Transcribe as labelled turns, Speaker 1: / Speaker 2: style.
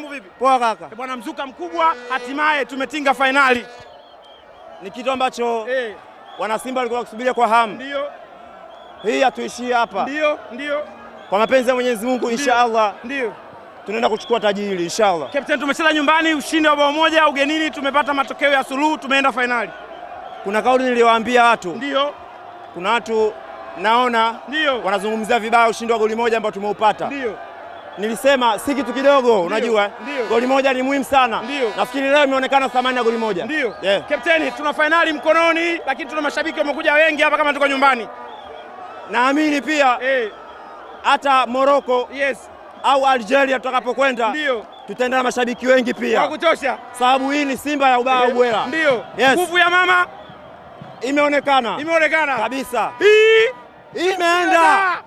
Speaker 1: mambo vipi? Poa kaka. Eh, bwana, mzuka mkubwa, hatimaye tumetinga fainali.
Speaker 2: Ni kitu ambacho hey, eh. wana Simba walikuwa wakisubiria kwa hamu. Ndio. Hii hatuishii hapa.
Speaker 1: Ndio, ndio.
Speaker 2: Kwa mapenzi ya Mwenyezi Mungu inshallah. Ndio. Tunaenda kuchukua taji hili inshallah.
Speaker 1: Captain, tumecheza nyumbani ushindi wa bao moja, ugenini tumepata matokeo ya suluhu, tumeenda fainali.
Speaker 2: Kuna kauli niliwaambia watu. Ndio. Kuna watu naona ndio wanazungumzia vibaya ushindi wa goli moja ambao tumeupata. Ndio nilisema si kitu kidogo, unajua goli moja ni muhimu sana. Nafikiri leo imeonekana thamani ya goli moja.
Speaker 1: Ndio. Yeah. Kapteni, tuna fainali mkononi, lakini tuna mashabiki wamekuja wengi hapa kama tuko nyumbani.
Speaker 2: Naamini pia eh. hata hey, Morocco yes, au Algeria tutakapokwenda tutaenda na mashabiki wengi pia kwa kutosha, sababu hii ni Simba ya ubao eh, bwela. Ndio. Nguvu ya mama imeonekana, imeonekana kabisa, hii imeenda